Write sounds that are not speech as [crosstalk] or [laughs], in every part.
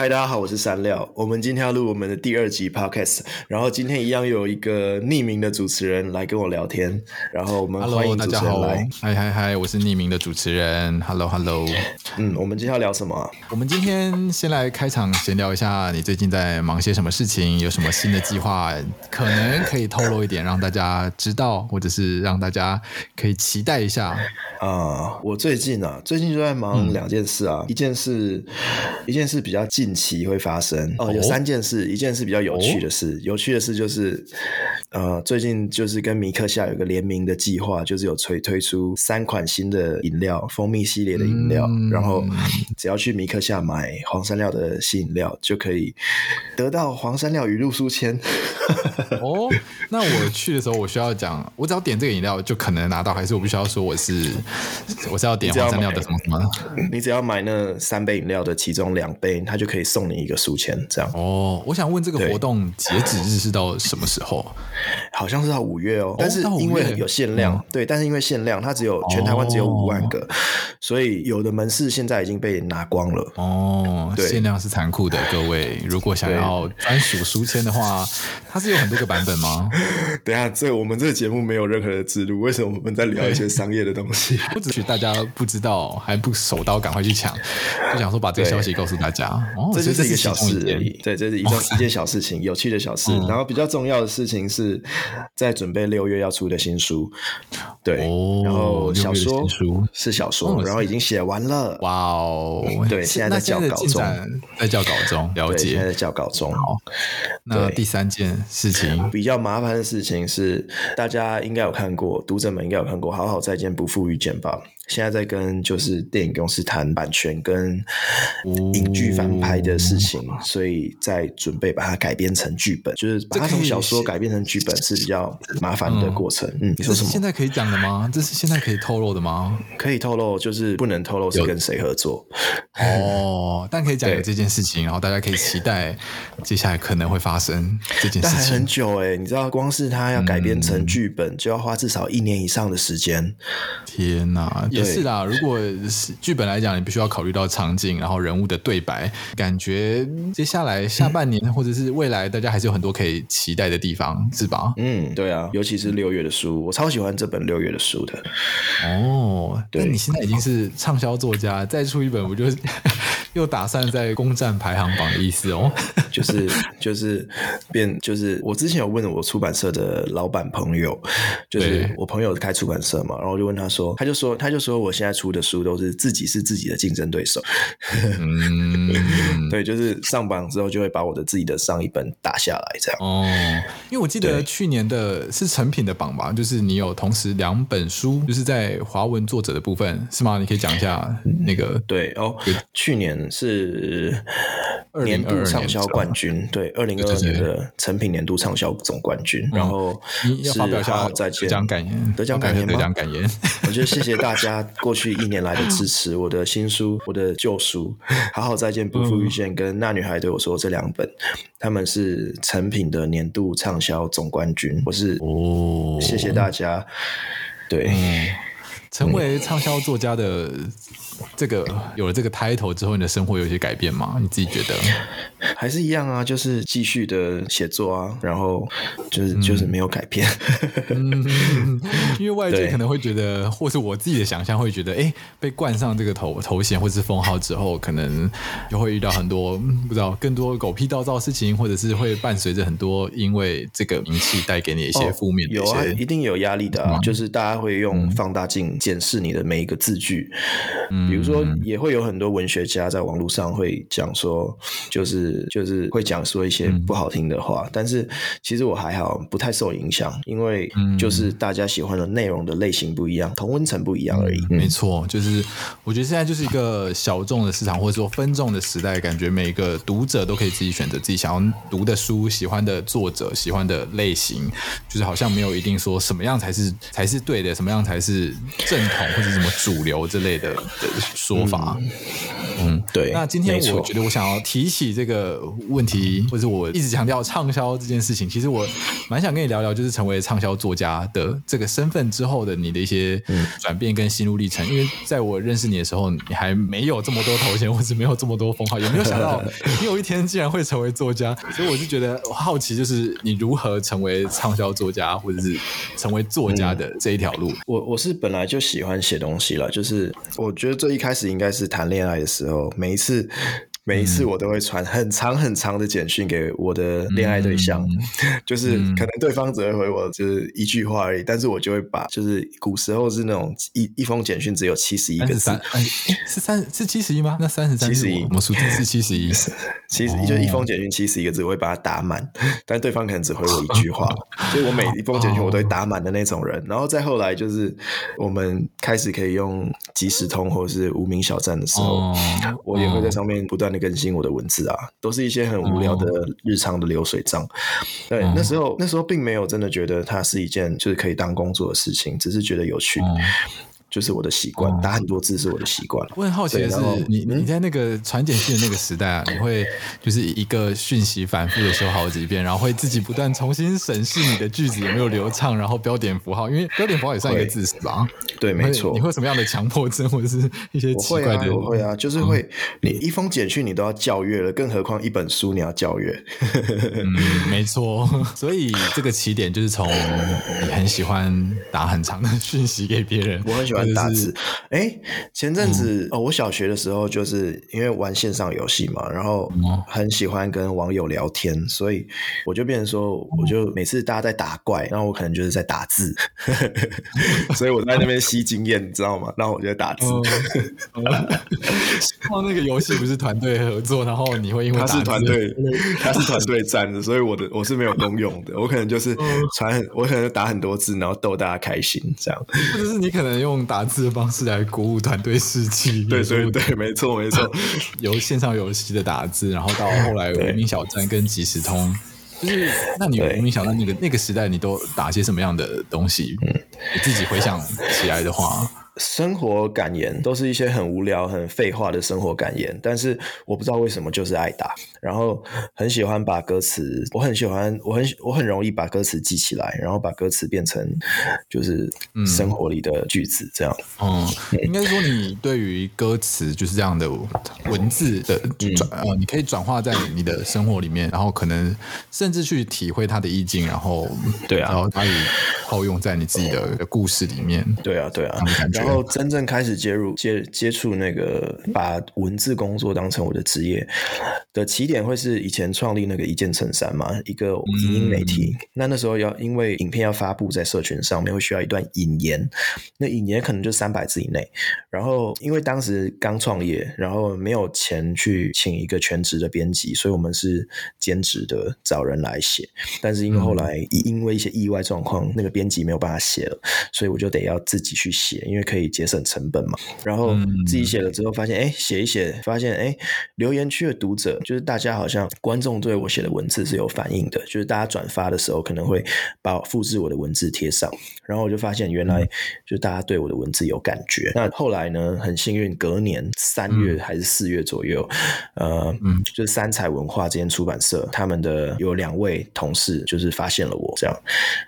嗨，hi，大家好，我是山料。我們今天要錄我們的第二集 podcast，然後今天一樣有一個匿名的主持人來跟我聊天。然後我們歡迎來，hello，大家好，嗨嗨嗨，我是匿名的主持人，hello hello，嗯，我們今天要聊什麼啊？我們今天先來開場閒聊一下，你最近在忙些什麼事情？有什麼新的計劃？可能可以透露一點讓大家知道，或者是讓大家可以期待一下。啊，uh，我最近啊，最近就在忙兩件事啊，嗯、一件事一件事比較近。近期會發生哦，有三件事，哦、一件事比較有趣的事，哦、有趣的事就是，呃，最近就是跟米克夏有個聯名的計劃，就是有推推出三款新的飲料，蜂蜜系列的飲料，嗯、然後只要去米克夏買黃山料的新飲料，就可以得到黃山料語錄書籤。哦， [laughs] 那我去的時候，我需要講，我只要點這個飲料就可能拿到，還是我不需要說我是，我是要點黃山料的什麼什麼？你只，你只要買那三杯飲料的其中兩杯，它就可以。送你一個書籤，這樣哦。我想問，這個活動截止日是到什麼時候？對 [laughs] 好像是到五月哦。哦，但是因為有限量，哦、對，但是因為限量，它只有，全台灣只有五萬個。哦。所以有的門市現在已經被拿光了哦，限量是殘酷的，各位如果想要專屬書籤的話，它是有很多個版本嗎？等下這我們這個節目沒有任何的植入，為什麼我們在聊一些商業的東西？不只許大家不知道，還不手刀趕快去搶，就想說把這個消息告訴大家，這就是一個小事而已。對，這是一件小事情，有趣的小事。然後比較重要的事情是在準備六月要出的新書，對，然後新書是小說。然後已經寫完了，哇哦、嗯！對，現在在校稿中，在校稿中了解，現在在校稿中好。那第三件事情比較麻煩的事情是，大家應該有看過，讀者們應該有看過，《好好再見，不負遇見》吧。現在在跟就是電影公司談版權跟影劇翻拍的事情，嗯、所以在準備把它改編成劇本，就是把它從小說改編成劇本是比較麻煩的過程。嗯，你說什麼？現在可以講的嗎？這是現在可以透露的嗎？可以透露，就是不能透露是跟誰合作。哦， [laughs] 但可以講有這件事情，對然後大家可以期待接下來可能會發生這件事情。但還很久哎、欸，你知道，光是它要改編成劇本，就要花至少一年以上的時間。天哪、啊！是啦，如果是劇本來講，你必須要考慮到場景，然後人物的對白，感覺接下來下半年或者是未來，大家還是有很多可以期待的地方，是吧？嗯，對啊，尤其是六月的書，我超喜歡這本六月的書的。哦，對，但你現在已經是暢銷作家， [laughs] 再出一本不就？ [laughs] 又打算再攻佔排行榜的意思哦、就是，就是就是變就是我之前有問我出版社的老闆朋友，就是我朋友開出版社嘛，然後就問他說，他就說他就說我現在出的書都是自己是自己的競爭對手，嗯、 [laughs] 對，就是上榜之後就會把我的自己的上一本打下來這樣哦，因為我記得去年的是誠品的榜吧，就是你有同時兩本書，就是在華文作者的部分是嗎？你可以講一下那個對,對哦，去年。嗯、是年度暢銷冠軍，對，二零二二年的誠品年度暢銷總冠軍。對對對，然後是好好再見得獎感言，得獎感言感得獎感言。我覺得謝謝大家過去一年來的支持。 [laughs] 我的新書，我的舊書，好好再見， [laughs] 不負遇見，跟那女孩對我說這兩本，嗯、他們是誠品的年度暢銷總冠軍。我是哦，謝謝大家。哦、對、嗯，成為暢銷作家的。這個有了這個 title 之後，你的生活有些改變嗎？你自己覺得？還是一樣啊，就是繼續的寫作啊，然後就是、嗯、就是沒有改變 [laughs] 、嗯。因為外界可能會覺得，對或是我自己的想象會覺得，哎，被冠上這個頭頭銜或是封號之後，可能就會遇到很多、嗯、不知道更多狗屁倒灶事情，或者是會伴隨着很多因為這個名氣帶給你一些負面的一些、哦。有啊，一定有壓力的、啊，嗯、就是大家會用放大鏡檢視你的每一個字句，嗯。比如說，也會有很多文學家在網絡上會講說，就是，就是就是會講說一些不好聽的話，嗯，但是其實我還好，不太受影響，因為就是大家喜歡的內容的類型不一樣，同溫層不一樣而已。嗯，沒錯，就是我覺得現在就是一個小眾的市場，或者說分眾的時代，感覺每一個讀者都可以自己選擇自己想要讀的書、喜歡的作者、喜歡的類型，就是好像沒有一定說什麼樣才是才是對的，什麼樣才是正統或者是什麼主流之類的。 [laughs] 說法，嗯，嗯對。那今天我覺得我想要提起這個問題，沒錯。或者我一直強調暢銷這件事情，其實我蠻想跟你聊聊，就是成為暢銷作家的這個身份之後的你的一些轉變跟心路歷程。嗯、因為在我認識你的時候，你還沒有這麼多頭銜，或者沒有這麼多封號，也沒有想到你有一天竟然會成為作家。 [laughs] 所以我是覺得好奇，就是你如何成為暢銷作家，或者是成為作家的這一條路。嗯、我我是本來就喜歡寫東西了，就是我覺得這。一開始應該是談戀愛的時候，每一次。每一次我都會傳很長很長的簡訊給我的戀愛對象，嗯、就是可能對方只會回我就是一句話而已，嗯、但是我就會把就是古時候是那種一一封簡訊只有七十一個字，23, 欸、是三是七十一嗎？那三十三十一什麼數字？ [laughs] 就是七十一，七十一，就一封簡訊，七十一個字，我會把它打滿，但對方可能只回我一句話，所以 [laughs] 我每一封簡訊我都會打滿的那種人。 [laughs] 好然後再後來就是我們開始可以用即時通或者是無名小站的時候，哦、 [laughs] 我也會在上面不斷的。更新我的文字啊，都是一些很無聊的日常的流水賬。Uh-huh. 對，那時候那時候並沒有真的覺得它是一件就是可以當工作的事情，只是覺得有趣。Uh-huh. 就是我的習慣，哇打很多字是我的習慣。我很好奇的是，你你，你在那個傳簡訊的那個時代啊，你會就是一個訊息反覆的說好幾遍，然後會自己不斷重新審視你的句子有沒有流暢，然後標點符號，因為標點符號也算一個字是吧？對，沒錯。你會什麼樣的強迫症，或者是一些奇怪的？對、啊，啊，就是會。嗯、你一封簡訊你都要校閱了，更何況一本書你要校閱？ [laughs] 嗯，沒錯。所以這個起點就是從你很喜歡打很長的訊息給別人，我很喜歡。打字，哎、欸，前陣子、嗯哦、我小學的時候就是因為玩線上遊戲嘛，然後很喜歡跟網友聊天，所以我就變成說，我就每次大家在打怪，嗯、然後我可能就是在打字， [laughs] 所以我在那邊吸經驗， [laughs] 你知道嗎？然後我就在打字。嗯嗯、 [laughs] 那個遊戲不是團隊合作，然後你會因為他是團隊，他是團隊戰的，所以我的我是沒有功用的，我可能就是傳，嗯、我可能打很多字，然後逗大家開心這樣。或者是你可能用。打字的方式來鼓舞團隊士氣， [laughs] 對，對，對，所以對，沒錯，沒錯。由線上遊戲的打字，然後到後來《無名小站》跟《即時通》對，就是，那你無名小站那個對那個時代，你都打些什麼樣的東西？對你自己回想起來的話。 [laughs] 生活感言都是一些很無聊、很廢話的生活感言，但是我不知道為什麼就是愛打，然後很喜歡把歌詞，我很喜歡，我很我很容易把歌詞記起來，然後把歌詞變成就是生活裡的句子這樣。嗯，嗯，應該說你對於歌詞就是這樣的 [laughs] 文字的就轉、嗯呃，你可以轉化在你的生活裡面，嗯、然後可能甚至去體會他的意境，然後對啊，然後他也套用在你自己的故事裡面。對啊，對啊，感覺、啊。然後真正開始接入、接、接觸那個把文字工作當成我的職業的起點，會是以前創立那個一件襯衫嘛，一個影音媒體。嗯、那那時候要因為影片要發布在社群上面，會需要一段引言。那引言可能就三百字以內。然後因為當時剛創業，然後沒有錢去請一個全職的編輯，所以我們是兼職的找人來寫。但是因為後來、嗯、因為一些意外狀況，那個編輯沒有辦法寫了，所以我就得要自己去寫，因為。可以節省成本嘛？然後自己寫了之後，發現哎，寫一寫，發現哎，留言區的讀者就是大家好像觀眾對我寫的文字是有反應的，就是大家轉發的時候可能會把我複製我的文字貼上，然後我就發現原來就是大家對我的文字有感覺。那後來呢，很幸運，隔年三月還是四月左右，嗯、呃，就是三采文化這間出版社，他們的有兩位同事就是發現了我，這樣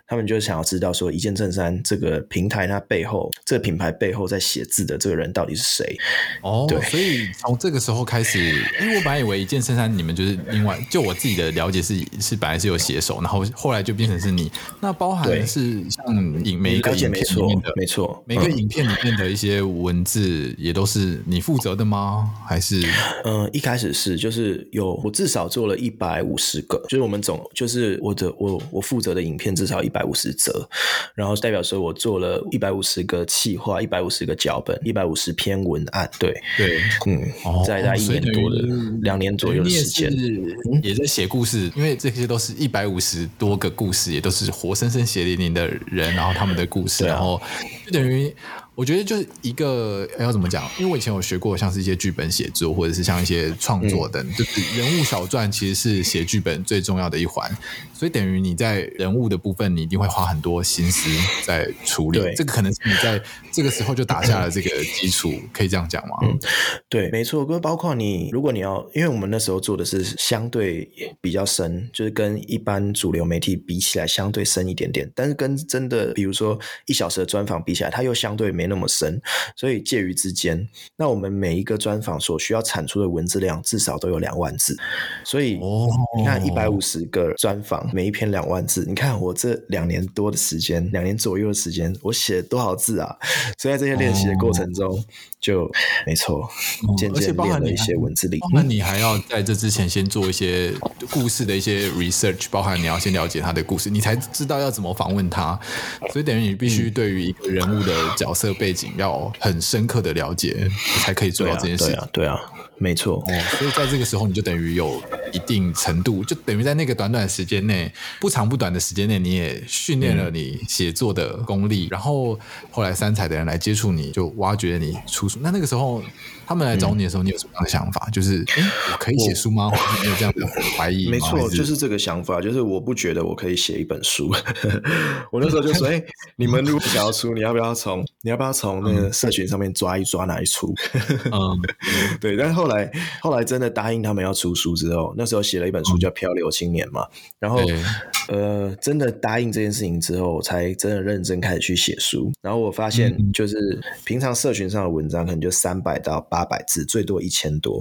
他們就想要知道說，一件襯衫這個平台它背後這個品牌，背後在寫字的這個人到底是誰？哦，對，所以從這個時候開始，因為我本來以為一件襯衫，你們就是另外，就我自己的了解是是本來是有寫手，然後後來就變成是你。那包含是像影每一個影片裡面的，嗯、沒,沒錯，沒錯每個影片裡面的一些文字也都是你負責的嗎？還是嗯，一開始是就是有我至少做了一百五十個，就是我們總就是我的我我負責的影片至少一百五十則，然後代表說我做了一百五十個企劃一百五十個腳本，一百五十篇文案，對對，嗯，再來、哦、一年多的、哦、兩年左右的時間，也是，也是在寫故事，因為這些都是一百五十多個故事，也都是活生生血淋淋的人，然後他們的故事，啊、然後就等於。我覺得就是一個，要怎麼講？因為我以前有學過像是一些劇本寫作，或者是像一些創作等，嗯、就是人物小傳其實是寫劇本最重要的一環，所以等於你在人物的部分，你一定會花很多心思在處理。對，這個可能是你在這個時候就打下了這個基礎，可以這樣講嗎？嗯，對，沒錯。哥，包括你，如果你要，因為我們那時候做的是相對比較深，就是跟一般主流媒體比起來相對深一點點，但是跟真的，比如說一小時的專訪比起來，它又相對沒那。那麼深，所以介於之間。那我們每一個專訪所需要產出的文字量至少都有兩萬字，所以你看一百五十個專訪，每一篇兩萬字。哦、你看我這兩年多的時間，兩年左右的時間，我寫了多少字啊？所以在這些練習的過程中，哦、就沒錯，漸漸練了一些文字力。那你，你還要在這之前先做一些故事的一些 research，包含你要先了解他的故事，你才知道要怎麼訪問他。所以等於你必須對於一個人物的角色。背景要很深刻的了解，才可以做到這件事情 [laughs] 對啊，對啊，對啊，沒錯。哦，所以在這個時候，你就等於有。一定程度，就等於在那個短短時間內，不長不短的時間內，你也訓練了你寫作的功力。嗯、然後後來三采的人來接觸你，就挖掘你出書。那那個時候他們來找你的時候，嗯、你有什麼樣的想法？就是，哎、嗯，我可以寫書嗎？我我沒有這樣的懷疑。沒錯，就是這個想法，就是我不覺得我可以寫一本書。 [laughs] 我那時候就說， [laughs] 哎，你們如果要出，你要不要從，你要不要從那個社群上面抓一抓，來一出？ [laughs] 嗯、 [laughs] 對。但是後來，後來真的答應他們要出書之後，那那時候寫了一本書叫《漂流青年》嘛，然後，呃，真的答應這件事情之後，我才真的認真開始去寫書。然後我發現，就是平常社群上的文章可能就三百到八百字，最多一千多，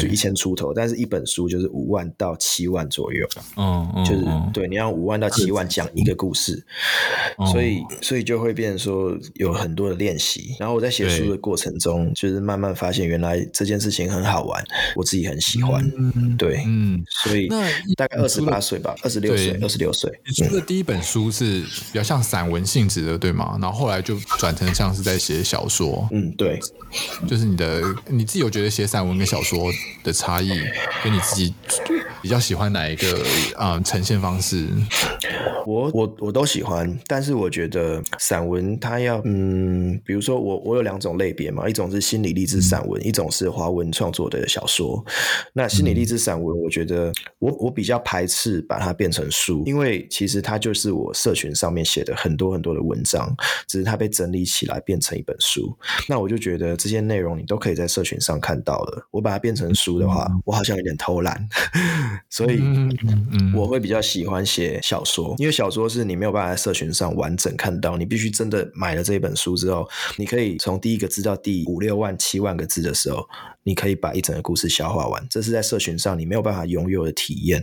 就一千出頭。但是，一本書就是五萬到七萬左右。嗯嗯，就是對，你要五萬到七萬講一個故事，所以，所以就會變成說有很多的練習。然後我在寫書的過程中，就是慢慢發現，原來這件事情很好玩，我自己很喜歡。對。嗯，所以那大概二十八歲吧，二十六歲，二十六歲。你出的第一本書是比較像散文性質的，對嗎？然後後來就轉成像是在寫小說。嗯，對，就是你的你自己，有覺得寫散文跟小說的差異，嗯、跟你自己，比較喜歡哪一個啊、呃？呈現方式，我我我都喜歡，但是我覺得散文它要嗯，比如說我我有兩種類別嘛，一種是心理勵志散文，嗯、一種是華文創作的小說。那心理勵志散文，我覺得我、嗯、我比較排斥把它變成書，因為其實它就是我社群上面寫的很多很多的文章，只是它被整理起來變成一本書。那我就覺得這些內容你都可以在社群上看到了。我把它變成書的話，我好像有點偷懶。 [laughs] 所以我會比較喜歡寫小說，嗯嗯、因為小說是你沒有辦法在社群上完整看到，你必須真的買了這一本書之後，你可以從第一個字到第五六萬、七萬個字的時候。你可以把一整個故事消化完，這是在社群上你沒有辦法擁有的體驗，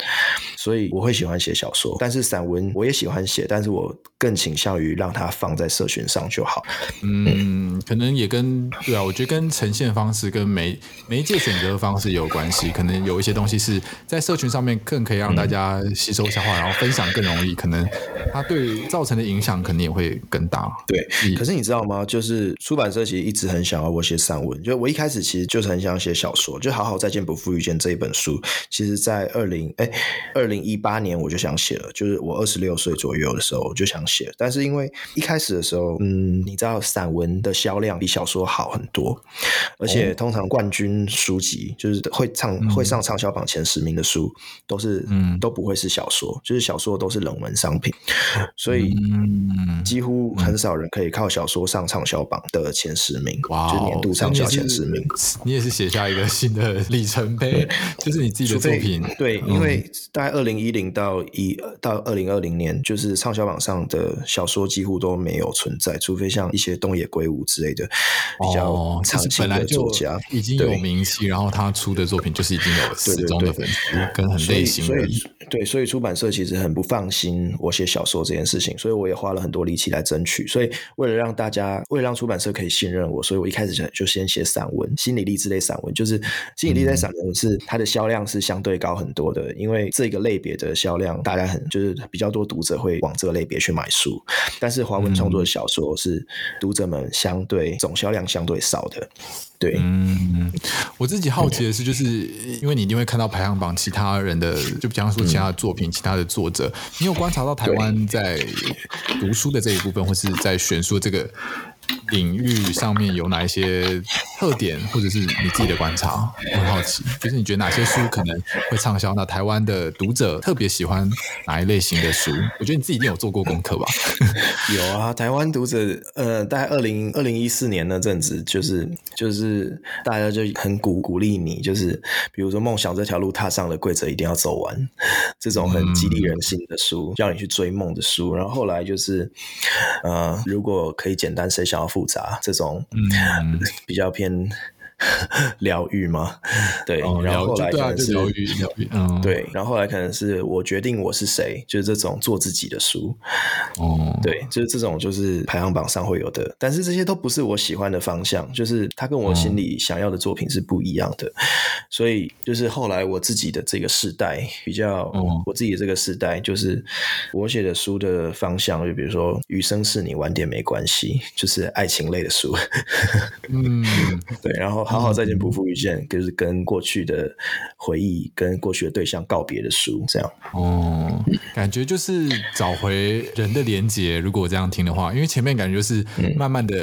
所以我會喜歡寫小說，但是散文我也喜歡寫，但是我更傾向於讓它放在社群上就好。嗯，可能也跟，對啊，我覺得跟呈現方式跟、跟媒媒介選擇方式有關係，可能有一些東西是在社群上面更可以讓大家吸收消化，嗯、然後分享更容易，可能。它對造成的影響肯定也會更大。對，可是你知道嗎？就是出版社其實一直很想要我寫散文。就我一開始其實就是很想寫小說，就好好再見，不負遇見這一本書。其實在 20,、欸，在二零哎二零一八年我就想寫了，就是我二十六歲左右的時候就想寫。但是因為一開始的時候，嗯，你知道散文的銷量比小說好很多，而且通常冠軍書籍就是會唱、哦嗯、會上暢銷榜前十名的書都是嗯都不會是小說，就是小說都是冷門商品。所以幾乎很少人可以靠小說上暢銷，銷榜的前十名，哇哦、就年度暢銷前十名。你也是寫下一個新的里程碑， [laughs] 就是你自己的作品。對，因為大概二零一零到一到二零二零年，嗯、就是暢銷榜上的小說幾乎都沒有存在，除非像一些東野圭吾之類的比較常見的作家，哦、已經有名氣，對然後他出的作品就是已經有死忠的粉絲，對的對，對，對。跟很類型的。對，所以出版社其實很不放心我寫小說這件事情，所以我也花了很多力氣來爭取。所以為了讓大家，為了讓出版社可以信任我，所以我一開始就先寫散文、心理勵志類散文。就是心理勵志類散文是、嗯、它的銷量是相對高很多的，因為這個類別的銷量，大家很就是比較多讀者會往這個類別去買書。但是華文創作的小說是讀者們相對總銷量相對少的。對，嗯，我自己好奇的是，就是因為你一定會看到排行榜其他人的，就比方說其他的作品、嗯、其他的作者，你有觀察到台灣在讀書的這一部分，對或是在選書的這個。領域上面有哪一些特點，或者是你自己的觀察？很好奇，就是你覺得哪些書可能會暢銷？那台灣的讀者特別喜歡哪一類型的書？我覺得你自己一定有做過功課吧？ [laughs] 有啊，台灣讀者，呃，大概二零二零一四年那陣子，就是就是大家就很鼓鼓勵你，就是比如說夢想這條路踏上了，規則一定要走完，這種很激勵人心的書，叫你去追夢的書。然後後來就是，呃，如果可以簡單設想。比較複雜，這種、嗯、比較偏。療癒 [laughs] 嗎？對，哦、然後，後來可能是療癒，療癒、啊，對，嗯、然後後來可能是我決定我是誰，就是這種做自己的書，哦、嗯，對，就是這種就是排行榜上會有的，但是這些都不是我喜歡的方向，就是它跟我心裡想要的作品是不一樣的，嗯、所以就是後來我自己的這個世代比較，我自己的這個世代就是我寫的書的方向，就比如說《餘生是你晚點沒關係》，就是愛情類的書，嗯、 [laughs] 對，然後。好好再見，不負遇見，就是跟過去的回憶、跟過去的對象告別的書，這樣。哦，感覺就是找回人的連接。如果這樣聽的話，因為前面感覺是慢慢的、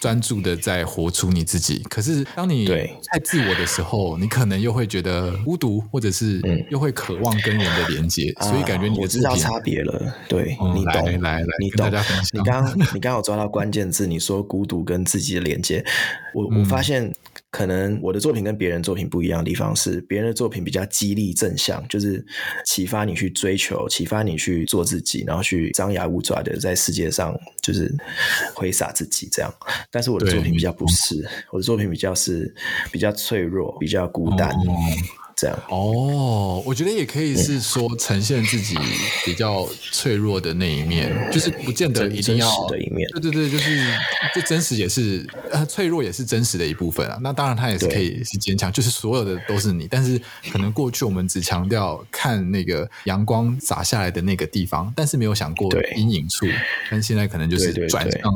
專注的在活出你自己。可是當你太自我的時候，你可能又會覺得孤獨，或者是又會渴望跟人的連接，所以感覺你知道差別了。對，你懂來了，你懂。你剛你剛有抓到關鍵字，你說孤獨跟自己的連接，我我發現。可能我的作品跟別人作品不一樣的地方是，別人的作品比較激勵正向，就是啟發你去追求，啟發你去做自己，然後去張牙舞爪的在世界上就是揮灑自己這樣。但是我的作品比較不是，對我的作品比較是比較脆弱，比較孤單。嗯這樣哦，我覺得也可以是說呈現自己比較脆弱的那一面，嗯、就是不見得一定要真真實的一面。對對對，就是這真實也是、呃，脆弱也是真實的一部分啊。那當然，他也是可以是堅強，對就是所有的都是你。但是可能過去我們只強調看那個陽光灑下來的那個地方，但是沒有想過陰影處。對但現在可能就是轉向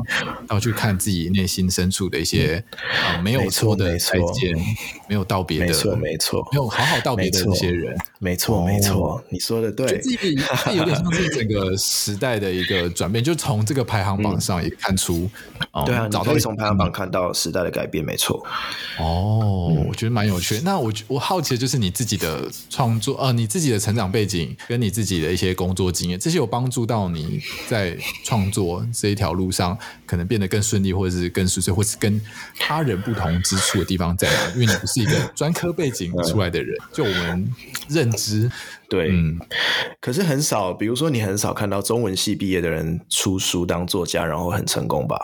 要去看自己內心深處的一些啊、嗯呃，沒有錯的再見，沒，沒，沒有道別的，沒錯，沒，錯沒有好好。道別的這些人。沒錯，沒錯，沒錯、哦、你說的對。這個有點像是整個時代的一個轉變， [laughs] 就從這個排行榜上也看出，嗯嗯、對啊，找到從排行榜看到時代的改變，沒錯。哦、嗯、我覺得蠻有趣。那我我好奇的就是你自己的創作，呃，你自己的成長背景，跟你自己的一些工作經驗，這些有幫助到你在創作這一條路上可能變得更順利，或者是更熟悉或是、或是跟他人不同之處的地方在哪？因為你不是一個專科背景出來的人。 [laughs] 嗯就我們 [laughs] 認知，對，嗯，可是很少，比如說，你很少看到中文系畢業的人出書當作家，然後很成功吧。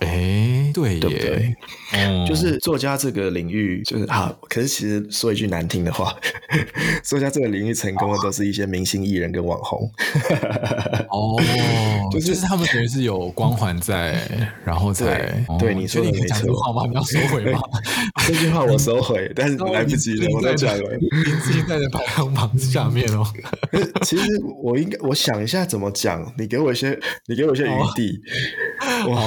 哎，對，對不對？就是作家這個領域，就是啊，可是，其實說一句難聽的話，作家這個領域成功的都是一些明星藝人跟網紅。哦，就是他們等於是有光環在，然後才對你說。你可以成功，好吧，你要收回嗎？這句話我收回，但是來不及了。我再講，你自己站在排行榜下面哦。其實我應該，我想一下怎麼講。你給我一些，你給我一些餘地。我好。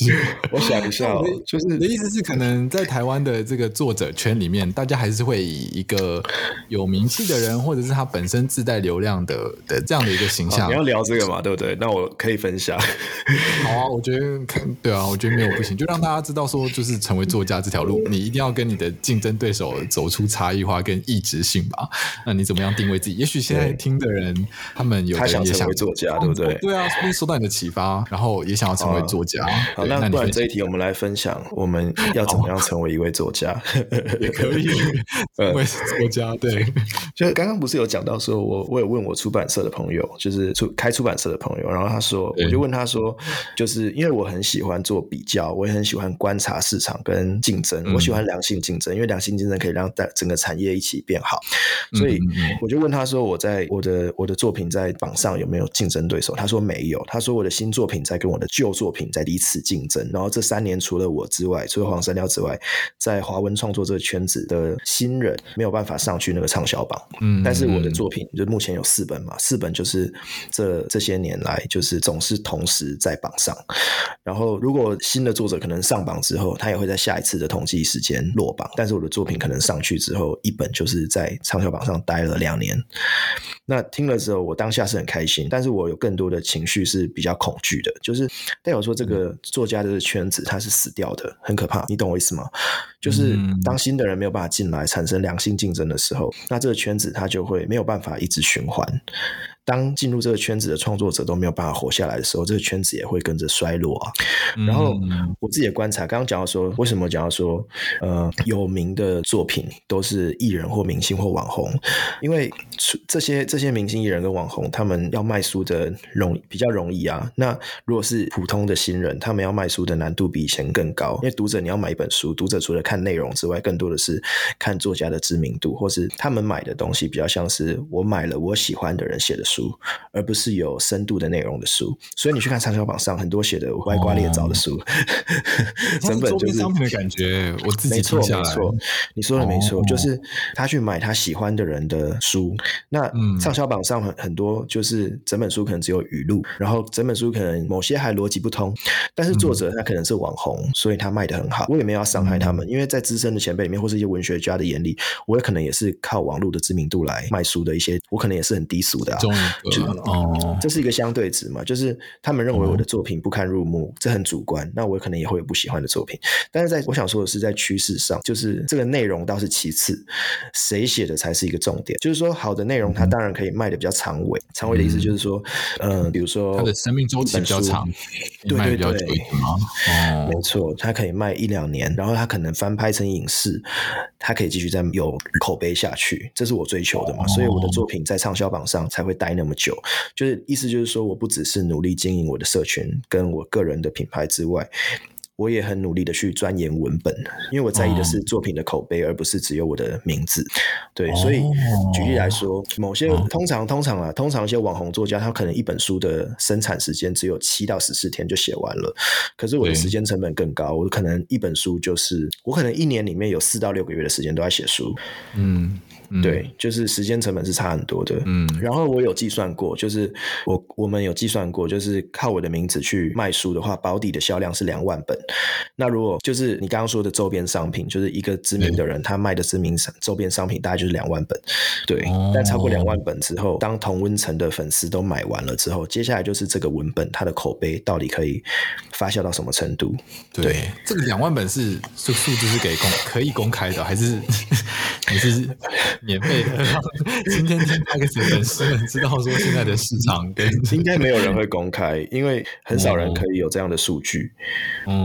[laughs] 我想一下、哦， [laughs] 就是你的意思是，可能在台灣的這個作者圈裡面，大家還是會以一個有名氣的人，或者是他本身自帶流量的的這樣的一個形象、啊。你要聊這個嘛，對不對？那我可以分享。 [laughs] 好啊，我覺得，對啊，我覺得沒有不行，就讓大家知道說，就是成為作家這條路， [laughs] 你一定要跟你的競爭對手走出差異化跟異質性吧。那你怎麼樣定位自己？也許現在聽的人，對他們有的人也想,也想成為作家，對不對？哦、對啊，今天受到你的啟發，然後也想要成為作家。嗯那不然這一題，我們來分享我們要怎麼樣成為一位作家也 [laughs] [laughs] 可以成為作家。對，就剛剛不是有講到說，我我有問我出版社的朋友，就是出開出版社的朋友，然後他說，對我就問他說，就是因為我很喜歡做比較，我也很喜歡觀察市場跟競爭，我喜歡良性競爭，嗯、因為良性競爭可以讓整個產業一起變好。所以我就問他說，我在我的我的，我的作品在榜上有沒有競爭對手？他說沒有，他說我的新作品在跟我的舊作品在彼此競爭。然後這三年除了我之外，除了黃山料之外，在華文創作這個圈子的新人沒有辦法上去那個暢銷榜。嗯，嗯，嗯，但是我的作品就目前有四本嘛，四本就是這這些年來就是總是同時在榜上。然後如果新的作者可能上榜之後，他也會在下一次的統計時間落榜，但是我的作品可能上去之後，一本就是在暢銷榜上待了兩年。那聽了之後，我當下是很開心，但是我有更多的情緒是比較恐懼的，就是代表說，這個作者、嗯。家這個圈子它是死掉的，很可怕。你懂我意思嗎？就是當新的人沒有辦法進來產生良性競爭的時候，那這個圈子它就會沒有辦法一直循環。當進入這個圈子的創作者都沒有辦法活下來的時候，這個圈子也會跟着衰落啊。然後我自己也觀察，剛剛講到說，為什麼講到說，呃，有名的作品都是藝人或明星或網紅，因為這些這些明星、藝人跟網紅，他們要賣書的容比較容易啊。那如果是普通的新人，他們要賣書的難度比以前更高，因為讀者你要買一本書，讀者除了看內容之外，更多的是看作家的知名度，或是他們買的東西比較像是我買了我喜歡的人寫的書。而不是有深度的內容的書，所以你去看暢銷榜上很多寫的歪瓜裂棗的書，哦、 [laughs] 整本就是感覺，我自己沒錯？沒錯，你說的沒錯，就是他去買他喜歡的人的書。那暢銷榜上很很多，就是整本書可能只有語錄，然後整本書可能某些還邏輯不通，但是作者他可能是網紅，嗯、所以他賣得很好。我也沒有要傷害他們，嗯、因為在資深的前輩裡面或是一些文學家的眼裡，我也可能也是靠網絡的知名度來賣書的一些，我可能也是很低俗的、啊。對啊、哦，這是一個相對值嘛？嗯、就是他們認為我的作品不堪入目，嗯、這很主觀。那我可能也會有不喜歡的作品。但是在我想說的是，在趨勢上，就是這個內容倒是其次，誰寫的才是一個重點。就是說，好的內容，它當然可以賣得比較長尾。嗯、長尾的意思就是說，嗯、呃，比如說它的生命周期書比較長，對對對，嗯嗯、沒錯，它可以賣一兩年，然後它可能翻拍成影視，它可以繼續再有口碑下去。這是我追求的嘛？嗯、所以我的作品在暢銷榜上才會帶。那麼久，就是意思就是說，我不只是努力經營我的社群跟我個人的品牌之外，我也很努力的去鑽研文本，因為我在意的是作品的口碑，而不是只有我的名字。嗯、對，所以舉例來說，哦、某些通常通常啊，通常一些網紅作家，他可能一本書的生產時間只有七到十四天就寫完了，可是我的時間成本更高，對我可能一本書就是我可能一年裡面有四到六個月的時間都在寫書，嗯。對，就是時間成本是差很多的。嗯、然後我有計算過，就是我我們有計算過，就是靠我的名字去賣書的話，保底的銷量是兩萬本。那如果就是你剛剛說的周邊商品，就是一個知名的人他賣的知名商、嗯、周邊商品大概就是兩萬本。對，但超過兩萬本之後，哦、當同溫層的粉絲都買完了之後，接下來就是這個文本它的口碑到底可以發酵到什麼程度？對，對這個兩萬本是數，數字是給公，可以公開的，還是還 [laughs] 是？ [laughs] 免費的，今天讓那個粉絲們知道說，現在的市場，應該沒有人會公開，因為很少人可以有這樣的數據。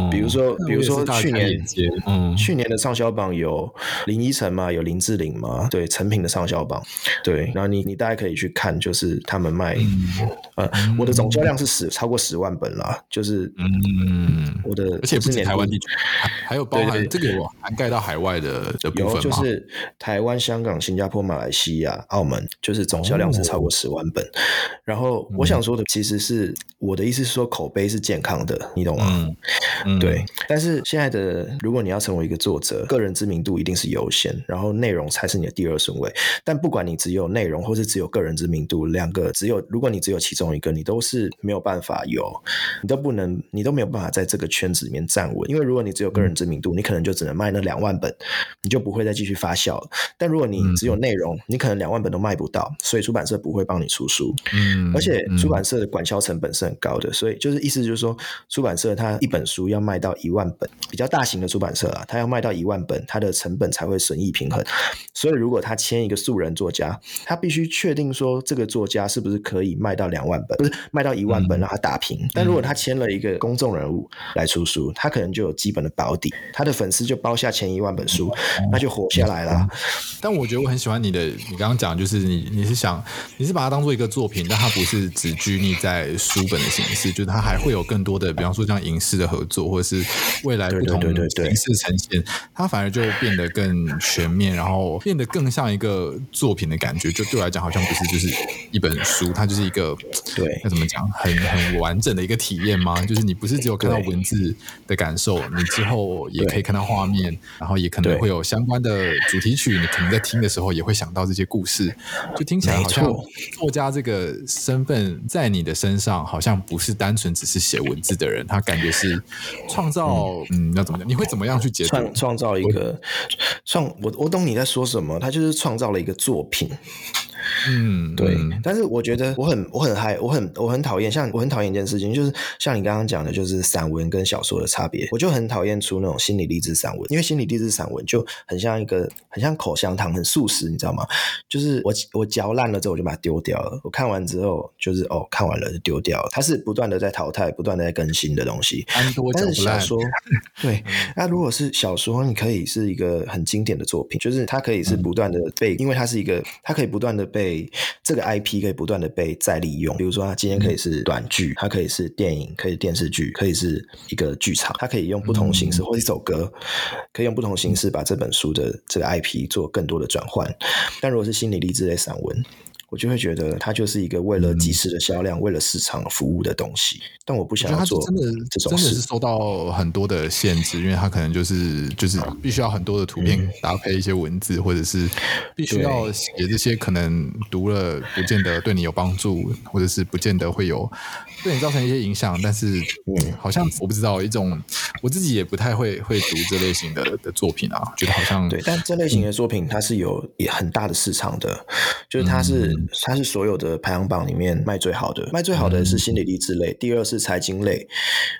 比如說，比如說去年，去年的暢銷榜有林依晨嘛，有林志玲嘛，對，誠品的暢銷榜，對，然後你你大家可以去看，就是他們賣，呃，我的總銷量是十超過十萬本了，就是，嗯，我的，而且不是台灣地區，還有包含這個我涵蓋到海外的的部分就是台灣、香港。新加坡、馬來西亞、澳門，就是總銷量是超過十萬本。哦、然後我想說的，其實是我的意思是說，口碑是健康的，你懂嗎、啊嗯？嗯，對。但是現在的，如果你要成為一個作者，個人知名度一定是優先，然後內容才是你的第二順位。但不管你只有內容，或是只有個人知名度，兩個只有如果你只有其中一個，你都是沒有辦法有，你都不能，你都沒有辦法在這個圈子裡面站穩。因為如果你只有個人知名度，嗯、你可能就只能賣那兩萬本，你就不會再繼續發酵了。但如果你、嗯只有內容，你可能兩萬本都賣不到，所以出版社不會幫你出書。嗯、而且出版社的管銷成本是很高的，嗯、所以就是意思就是說，出版社他一本書要賣到一萬本，比較大型的出版社啊，他要賣到一萬本，他的成本才會損益平衡。所以如果他簽一個素人作家，他必須確定說這個作家是不是可以賣到兩萬本，不是賣到一萬本讓他打平。嗯、但如果他簽了一個公眾人物來出書，他可能就有基本的保底，他的粉絲就包下前一萬本書，那就活下來了、啊嗯嗯嗯。但我覺得。我，我很喜歡你的，你剛剛講，就是你你是想，你是把它當做一個作品，但它不是只拘泥在書本的形式，就是它還會有更多的，比方說像影視的合作，或者是未來不同的影視呈現，對對對對，它反而就變得更全面，然後變得更像一個作品的感覺。就對我來講，好像不是就是一本書，它就是一個對，那怎麼講，很很完整的一個體驗嗎？就是你不是只有看到文字的感受，對 你之後也可以看到畫面，對 然後也可能會有相關的主題曲，你可能在聽的。對 的時候也會想到這些故事，就聽起來好像作家這個身份在你的身上好像不是單純只是寫文字的人，他感覺是創造，嗯,嗯，要怎麼樣？你會怎麼樣去解？創創造一個創我？我我懂你在說什麼，他就是創造了一個作品。嗯，對，對，但是我覺得我很我很嗨，我很, high, 我，很我很討厭，像我很討厭一件事情，就是像你剛剛講的，就是散文跟小說的差別。我就很討厭出那種心理勵志散文，因為心理勵志散文就很像一個很像口香糖，很速食，你知道嗎？就是我我嚼爛了之後我就把它丟掉了。我看完之後就是哦，看完了就丟掉了。它是不斷的在淘汰，不斷的在更新的東西。但是小說，對，那、 [laughs] 啊、如果是小說，你可以是一個很經典的作品，就是它可以是不斷的被，嗯、因為它是一個它可以不斷的。被這個 IP 可以不斷的被再利用，比如說它今天可以是短劇，它可以是電影，可以是電視劇，可以是一個劇場，它可以用不同形式，或一首歌，可以用不同形式把這本書的這個 IP 做更多的轉換。但如果是心理勵志類散文。我就會覺得它就是一個為了即時的銷量、嗯、為了市場服務的東西，但我不想要做真的，這種是受到很多的限制，因為它可能就是就是必須要很多的圖片搭配一些文字，嗯、或者是必須要寫這些可能讀了不見得對你有幫助，對或者是不見得會有對你造成一些影響，但是、嗯、好像我不知道一種我自己也不太會會讀這類型的的作品啊，覺得好像對，但這類型的作品它是有也很大的市場的，嗯、就是它是。它是所有的排行榜裡面賣最好的，賣最好的是心理勵志類，嗯、第二是財經類，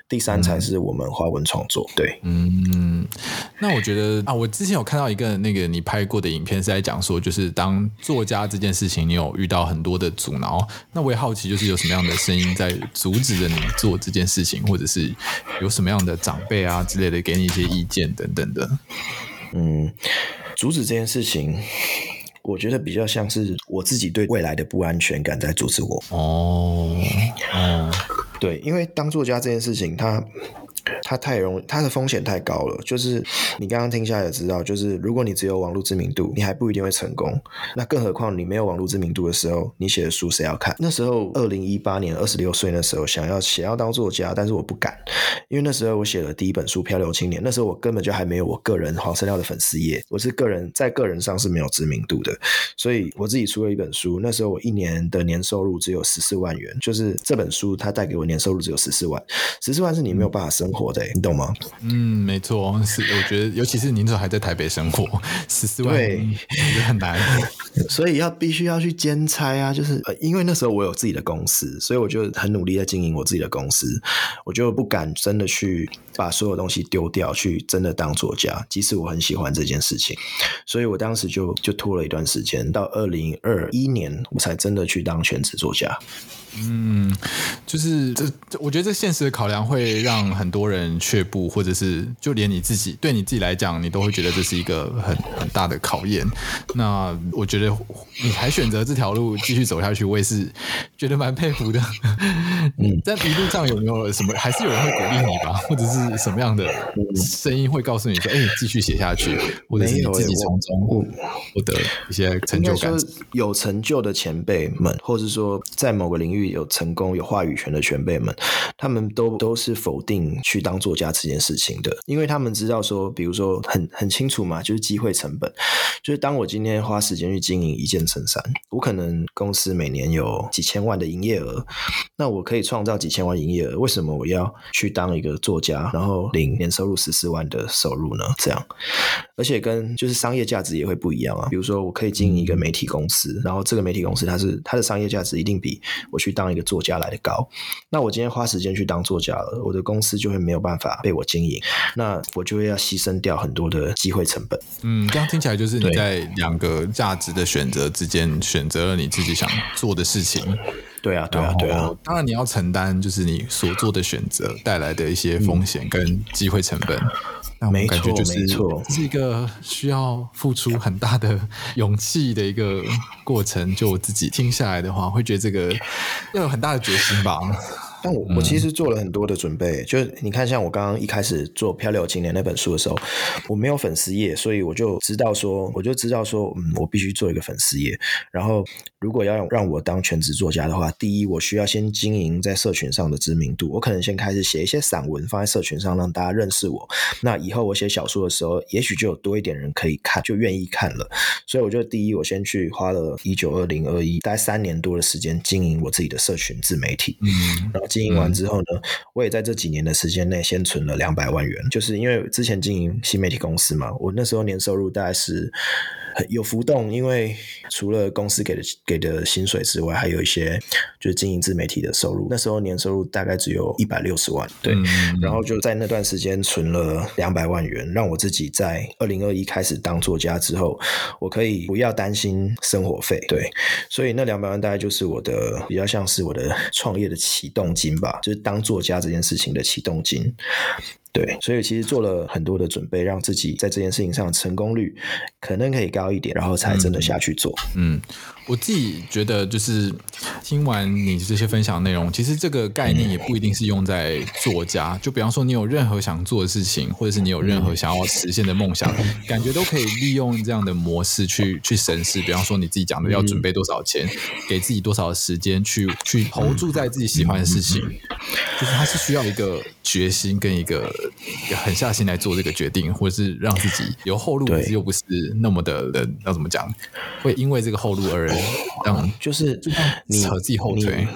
第三才是我們華文創作。嗯、對，嗯，那我覺得啊，我之前有看到一個那個你拍過的影片是在講說，就是當作家這件事情，你有遇到很多的阻撓。那我也好奇，就是有什麼樣的聲音在阻止着你做這件事情，或者是有什麼樣的長輩啊之類的給你一些意見等等的。嗯，阻止這件事情。我覺得比較像是我自己對未來的不安全感在阻止我。哦，嗯，對，因為當作家這件事情，他。它太容易，它的風險太高了。就是你剛剛聽下來也知道，就是如果你只有網絡知名度，你還不一定會成功。那更何況你沒有網絡知名度的時候，你寫的書誰要看？那時候二零一八年二十六歲的時候，想要寫要當作家，但是我不敢，因為那時候我寫了第一本書《漂流青年》，那時候我根本就還沒有我個人黃山料的粉絲頁，我是個人在個人上是沒有知名度的。所以我自己出了一本書，那時候我一年的年收入只有十四萬元，就是這本書它帶給我年收入只有十四萬，十四萬是你沒有辦法生活。活的，你懂嗎？嗯，沒錯，是我覺得，尤其是您這還在台北生活，十四萬也對 [laughs] 很難， [laughs] 所以要必須要去兼差啊。就是、呃，因為那時候我有自己的公司，所以我就很努力在經營我自己的公司，我就不敢真的去把所有東西丟掉，去真的當作家，即使我很喜歡這件事情。所以我當時就就拖了一段時間，到二零二一年，我才真的去當全職作家。嗯，就是這，我覺得這現實的考量會讓很多。人卻步，或者是就連你自己，對你自己來講，你都會覺得這是一個很很大的考驗。那我覺得你還選擇這條路繼續走下去，我也是覺得蠻佩服的。嗯，在一路上有沒有什麼，還是有人會鼓勵你吧，或者是什麼樣的聲音會告訴你說：“哎、嗯，你、欸、繼續寫下去。”或者是你有，自己從中獲得一些成就感。有成就的前輩們，或者說在某個領域有成功、有話語權的前輩們，他們都都是否定去當作家這件事情的，因為他們知道說，比如說很很清楚嘛，就是機會成本，就是當我今天花時間去經營一件襯衫，我可能公司每年有幾千萬的營業額，那我可以創造幾千萬營業額，為什麼我要去當一個作家，然後領年收入十四萬的收入呢？這樣，而且跟就是商業價值也會不一樣啊。比如說我可以經營一個媒體公司，然後這個媒體公司它是它的商業價值一定比我去當一個作家來的高，那我今天花時間去當作家了，我的公司就會。沒有辦法被我經營，那我就會要犧牲掉很多的機會成本。嗯，剛剛聽起來就是你在兩個價值的選擇之間選擇了你自己想做的事情。對啊，對啊，對啊。當然你要承擔就是你所做的選擇帶來的一些風險跟機會成本。沒錯，沒錯，是一個需要付出很大的勇氣的一個過程。就我自己聽下來的話，會覺得這個要有很大的決心吧。嗯但我、嗯、我其實做了很多的準備，就是你看，像我剛剛一開始做《漂流青年》那本書的時候，我沒有粉絲頁，所以我就知道說，我就知道說，嗯，我必須做一個粉絲頁。然後，如果要讓我當全職作家的話，第一，我需要先經營在社群上的知名度。我可能先開始寫一些散文，放在社群上，讓大家認識我。那以後我寫小說的時候，也許就有多一點人可以看，就願意看了。所以，我就第一，我先去花了一九二零二一，大概三年多的時間經營我自己的社群自媒體，嗯，然後。經營完之後呢，我也在這幾年的時間內先存了兩百萬元，就是因為之前經營新媒體公司嘛，我那時候年收入大概是有浮動，因為除了公司給的給的薪水之外，還有一些就是經營自媒體的收入。那時候年收入大概只有一百六十萬，對。嗯，然後就在那段時間存了兩百萬元，讓我自己在二零二一開始當作家之後，我可以不要擔心生活費。對，所以那兩百萬大概就是我的比較像是我的創業的啟動金吧，就是當作家這件事情的啟動金。對，所以其實做了很多的準備，讓自己在這件事情上成功率可能可以高一點，然後才真的下去做。嗯，嗯，我自己覺得就是聽完你這些分享內容，其實這個概念也不一定是用在作家，就比方說你有任何想做的事情，或者是你有任何想要實現的夢想，嗯、感覺都可以利用這樣的模式去、嗯、去審視。比方說你自己講的，要準備多少錢，嗯、給自己多少時間去去投注在自己喜歡的事情，嗯嗯嗯嗯、就是它是需要一個。決心跟一個狠下心來做這個決定，或是讓自己有後路，又不是那麼的人，人對要怎麼講？會因為這個後路而就是你扯自己後腿，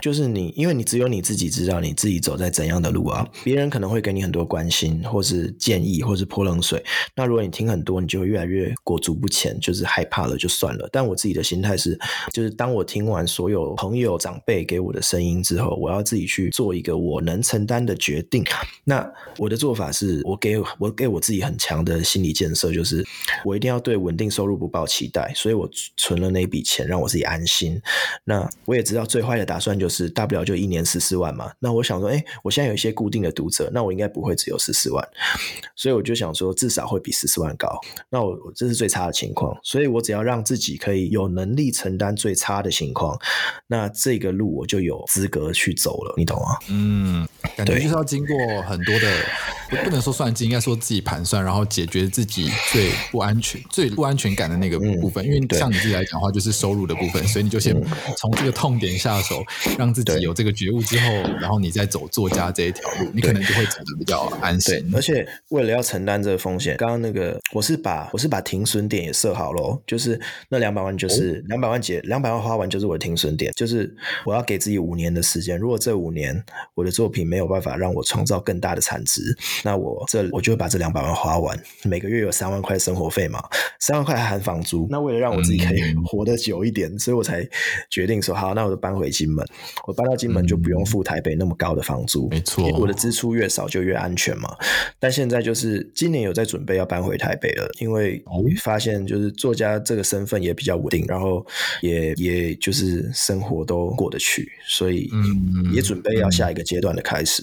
就是你因為你只有你自己知道你自己走在怎樣的路啊，別人可能會給你很多關心，或是建議，或是潑冷水。那如果你聽很多，你就會越來越裹足不前，就是害怕了，就算了。但我自己的心態是，就是當我聽完所有朋友、長輩給我的聲音之後，嗯、我要自己去做一個我能承擔的決。決定，那我的做法是我給我給我自己很強的心理建設，就是我一定要對穩定收入不抱期待，所以我存了那一筆錢讓我自己安心。那我也知道最壞的打算就是大不了就一年十四萬嘛。那我想說，哎，我現在有一些固定的讀者，那我應該不會只有十四萬，所以我就想說，至少會比十四萬高。那我這是最差的情況，所以我只要讓自己可以有能力承擔最差的情況，那這個路我就有資格去走了，你懂嗎？嗯，對。經過很多的不能說算計，應該說自己盤算，然後解決自己最不安全、最不安全感的那個部分。嗯、因為像你自己來講的話，就是收入的部分，嗯、所以你就先從這個痛點下手，嗯、讓自己有這個覺悟之後，然後你再走作家這一條路，對你可能就會走得比較安心對。而且為了要承擔這個風險，剛剛那個我是把我是把停損點也設好了，就是那兩百萬就是兩百萬結兩百萬花完就是我的停損點，就是我要給自己五年的時間。如果這五年我的作品沒有辦法讓我創造更大的產值，那我這我就把這兩百萬花完，每個月有三萬塊生活費嘛，三萬塊還含房租。那為了讓我自己可以活得久一點，嗯、所以我才決定說好，那我就搬回金門。我搬到金門就不用付台北那麼高的房租，嗯、沒錯，我的支出越少就越安全嘛。但現在就是今年有在準備要搬回台北了，因為發現就是作家這個身份也比較穩定，然後也也就是生活都過得去，所以也準備要下一個階段的開始。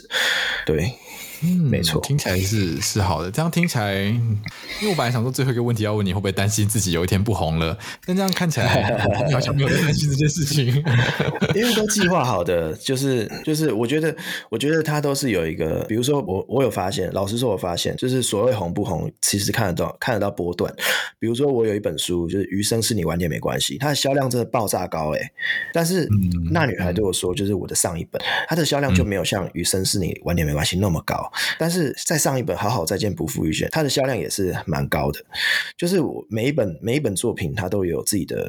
對。嗯，沒錯，聽起來是是好的。這樣聽起來，因為我本來想說最後一個問題要問你，會不會擔心自己有一天不紅了？但這樣看起來唉唉唉唉好像沒有在擔心這件事情，因為都計劃好的，就是就是，我覺得我覺得他都是有一個，比如說我我有發現，老實說我發現，就是所謂紅不紅，其實看得到看得到波段。比如說我有一本書，就是《餘生是你晚點沒關係》，它的銷量真的爆炸高誒、欸。但是、嗯、那女孩對我說，就是我的上一本，它的銷量就沒有像《餘生是你晚點沒關係》那麼高。但是在上一本《好好再見，不負遇見》，它的銷量也是蠻高的。就是我每一本每一本作品，它都有自己的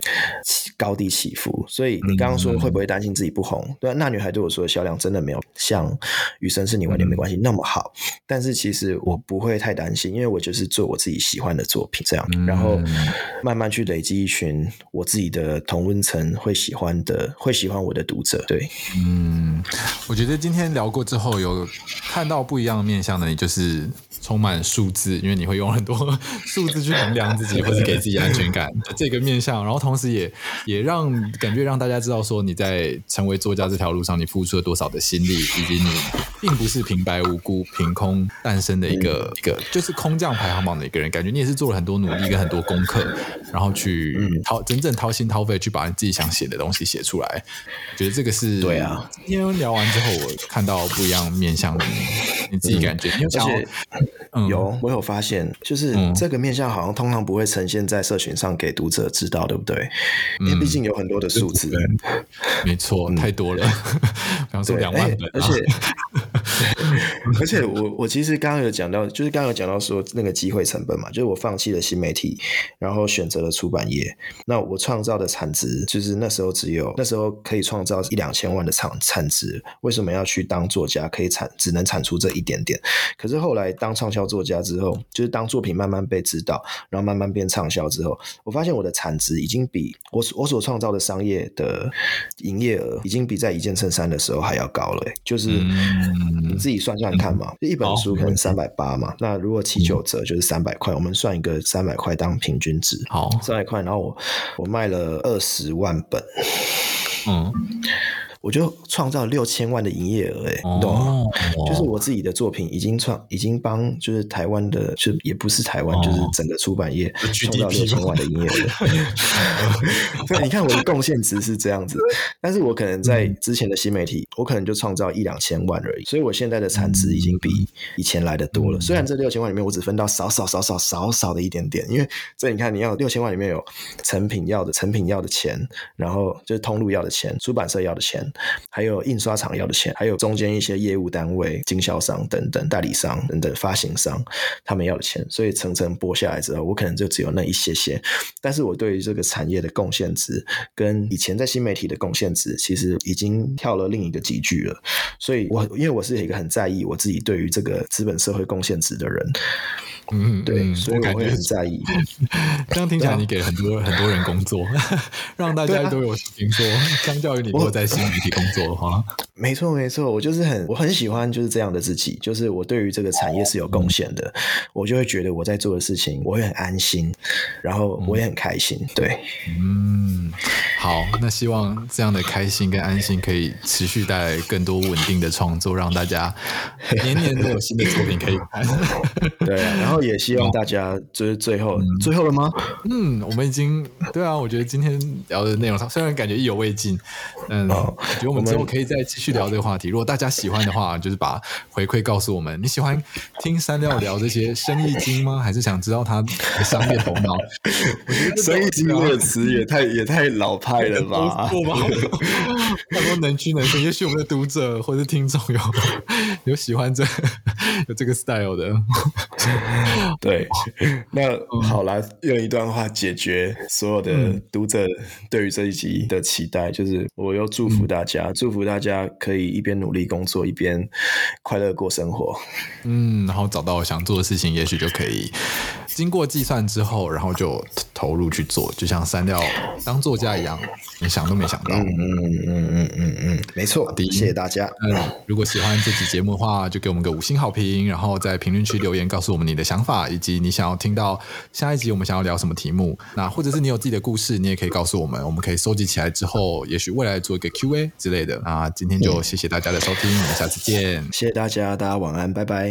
高低起伏。所以你剛剛說，會不會擔心自己不紅？嗯、對、啊，那女孩對我說，銷量真的沒有像《餘生是你》完全沒關係、嗯、那麼好。但是其實我不會太擔心，因為我就是做我自己喜歡的作品，這樣，然後慢慢去累積一群我自己的同溫層會喜歡的、會喜歡我的讀者。對，嗯、我覺得今天聊過之後，有看到不一樣。這樣面向的，你就是。充滿數字，因為你會用很多數 [laughs] 字去衡量自己，或者給自己安全感 [laughs] 這個面向，然後同時也也讓感覺讓大家知道說你在成為作家這條路上，你付出了多少的心力，以及你並不是平白無故、憑空誕生的一個、嗯、一個就是空降排行榜的一個人，感覺你也是做了很多努力跟很多功課，然後去掏真正掏心掏肺去把你自己想寫的東西寫出來，覺得這個是對啊。今天聊完之後，我看到不一樣面向的你，嗯、你自己感覺像，嗯、有，我有發現，就是這個面向好像通常不會呈現在社群上給讀者知道，嗯、對不對？因為畢竟有很多的數字、嗯，沒錯，太多了，嗯、比方說兩萬本、啊對欸、而且。 [laughs] [laughs] 而且我我其實剛剛有講到，就是剛剛有講到說那個機會成本嘛，就是我放棄了新媒體，然後選擇了出版業。那我創造的產值，就是那時候只有那時候可以創造一兩千萬的產產值。為什麼要去當作家？可以產只能產出這一點點。可是後來當暢銷作家之後，就是當作品慢慢被知道，然後慢慢變暢銷之後，我發現我的產值已經比我我所創造的商業的營業額，已經比在一件襯衫的時候還要高了、欸。就是、嗯、你自己。算算看嘛，嗯、一本書可能三百八嘛，嗯、那如果七九折就是三百塊，嗯、我們算一個三百塊當平均值，好，三百塊，然後我我賣了二十萬本，嗯。我就創造六千萬的營業額，欸，哎、哦，你懂嗎？哦、就是我自己的作品已經創，已經幫就是台灣的，就也不是台灣，哦、就是整個出版業創、哦、造六千萬的營業額。對，你看我的貢獻值是這樣子，但是我可能在之前的新媒體，嗯、我可能就創造一兩千萬而已。所以我現在的產值已經比以前來的多了。嗯、雖然這六千萬裡面，我只分到少少少少少少的一點點，因為這你看，你要六千萬裡面有成品要的，成品要的錢，然後就是通路要的錢，出版社要的錢。還有印刷廠要的錢，還有中間一些業務單位、經銷商等等、代理商等等、發行商他們要的錢，所以層層撥下來之後，我可能就只有那一些些。但是，我對於這個產業的貢獻值，跟以前在新媒體的貢獻值，其實已經跳了另一個級距了。所以我，我因為我是一個很在意我自己對於這個資本社會貢獻值的人，嗯，對，嗯、所以我會很在意。 [laughs] 這樣聽起來，啊、你給很多很多人工作， [laughs] 讓大家都有工作、啊，相較於你做在新。我我 [laughs] 工作的話，沒錯沒錯，我就是很我很喜歡就是這樣的自己。就是我對於這個產業是有貢獻的，哦嗯、我就會覺得我在做的事情，我會很安心，然後我也很開心。嗯、對，嗯，好，那希望這樣的開心跟安心可以持續帶來更多穩定的創作，讓大家年年都有新的作品可以拍。 [laughs] [laughs] 對、啊，然後也希望大家就是最後、嗯、最後了嗎？嗯，我們已經對啊，我覺得今天聊的內容上雖然感覺意猶未盡，嗯、哦。我覺得我們之後可以再繼續聊這個話題。我們 如果大家喜歡的話，就是把回饋告訴我們。你喜歡聽山料聊這些生意經嗎？還是想知道他的商業頭腦？ [laughs] 啊、生意經這個詞也太也太老派了吧？他多能屈能伸， [laughs] 也許我們的讀者或者聽眾有有喜歡這有這個 style 的。 [laughs] 對，那好了，用一段話解決所有的讀者對於這一集的期待，嗯、就是我要祝福大家。嗯大家祝福大家可以一邊努力工作，一邊快樂過生活。嗯，然後找到我想做的事情，也許就可以。 [laughs] 經過計算之後，然後就投入去做，就像山料當作家一樣，你想都沒想到。嗯嗯嗯嗯嗯嗯，沒錯，啊、謝謝大家。嗯，如果喜歡這集節目的話，就給我們個五星好評，然後在評論區留言告訴我們你的想法，以及你想要聽到下一集我們想要聊什麼題目。那或者是你有自己的故事，你也可以告訴我們，我們可以收集起來之後，也許未來做一個 Q&A 之類的。那今天就謝謝大家的收聽，我們、嗯、下次見。謝謝大家，大家晚安，拜拜。